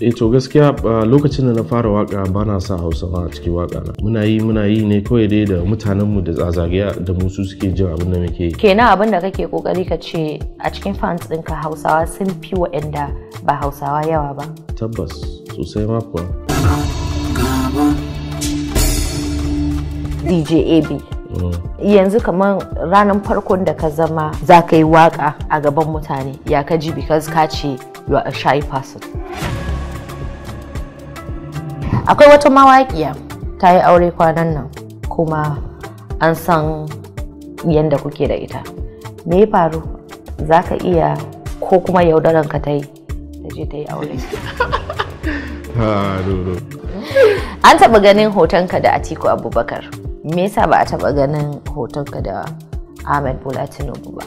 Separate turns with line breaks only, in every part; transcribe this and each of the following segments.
E to gaskiya lokacin da na fara waka na sa hausa a cikin waka na muna yi muna yi ne kawai dai da mutanen mu da zazagaya da musu suke jin abin da muke kenan abin da kake kokari ka ce a cikin fans ɗinka hausawa sun fi waɗanda ba hausawa yawa ba tabbas sosai ma kuwa DJ AB mm. yanzu kamar ranar farkon da ka zama za ka yi waka a gaban mutane ya ka ji because ka ce you are a shy person akwai wata mawaƙiya ta yi aure kwanan nan kuma an san yadda kuke da ita me ya faru za ka iya ko kuma yaudaran ka ta yi ta je ta yi aure an taɓa ganin hotonka da atiku abubakar me yasa ba a taɓa ganin hotonka da ahmed bola tinubu ba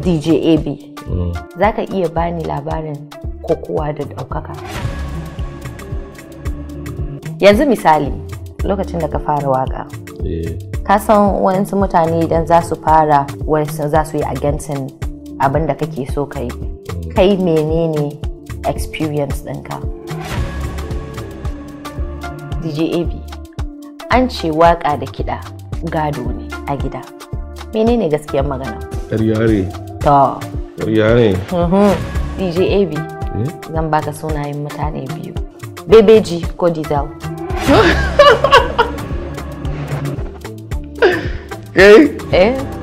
dj ab mm. za ka iya bani labarin ko kowa da ɗaukaka yanzu misali lokacin da ka fara waka eh. ka san wayansu mutane idan za su fara wayansu za su yi agentin abin da kake so ka mm. kai menene experience ɗinka dj ab an ce waka da kiɗa gado ne a gida menene gaskiyar magana Ƙaryare. ta mm-hmm. dj ab zan baka sunayen mutane biyu bebeji ko dizal eh